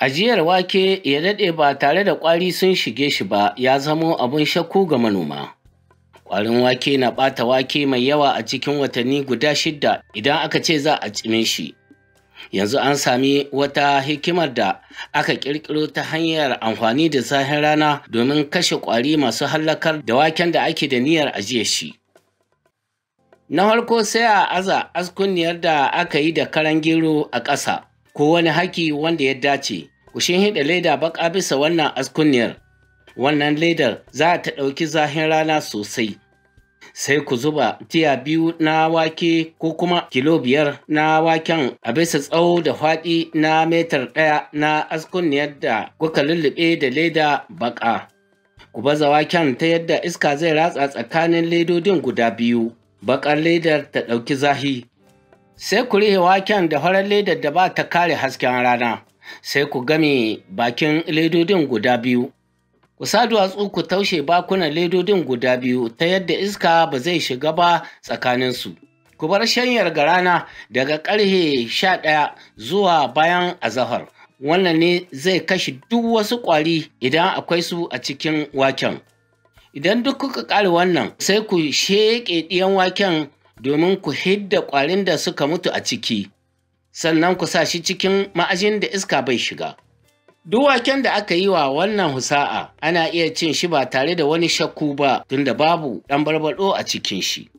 Ajiyar wake ya daɗe ba tare da ƙwari sun shige shi ba ya zamo abin shakku ga manoma. Ƙwarin wake na ɓata wake mai yawa a cikin watanni guda shidda idan aka ce za a tsime shi. Yanzu an sami wata hikimar da aka ƙirƙiro ta hanyar amfani da zahin rana domin kashe ƙwari masu hallakar da waken da ake da niyyar ajiye shi. Na farko sai a aza askunniyar da aka yi da karan gero a ƙasa. ko wani haki wanda ya dace ku hida leda baƙa bisa wannan askunniyar wannan ledar za ta ɗauki zahin rana sosai sai ku zuba tiya biyu na wake ko kuma kilo biyar na waken a bisa tsawo da faɗi na metar ɗaya na askunniyar da kuka lullube da leda baƙa ku baza waken ta yadda iska zai ratsa tsakanin ledodin guda biyu baƙar ledar ta ɗauki zahi sai ku rihe waken da farar ledar da ba ta kare hasken rana sai ku game bakin ledodin guda biyu ku sa duwatsu ku taushe bakunan ledodin guda biyu ta yadda iska ba zai shiga ba tsakaninsu ku bar shanyar ga rana daga ƙarhe sha ɗaya zuwa bayan azahar wannan ne zai kashe duk wasu ƙwari idan akwai su a cikin waken idan duk kuka kare wannan sai ku sheƙe ɗiyan waken domin ku hidda ƙwarin da suka mutu a ciki, sannan ku sa shi cikin ma'ajin da iska bai shiga. Duwaken da aka yi wa wannan husa'a ana iya cin shi ba tare da wani shakku ba tunda babu ɗan barbaɗo a cikin shi.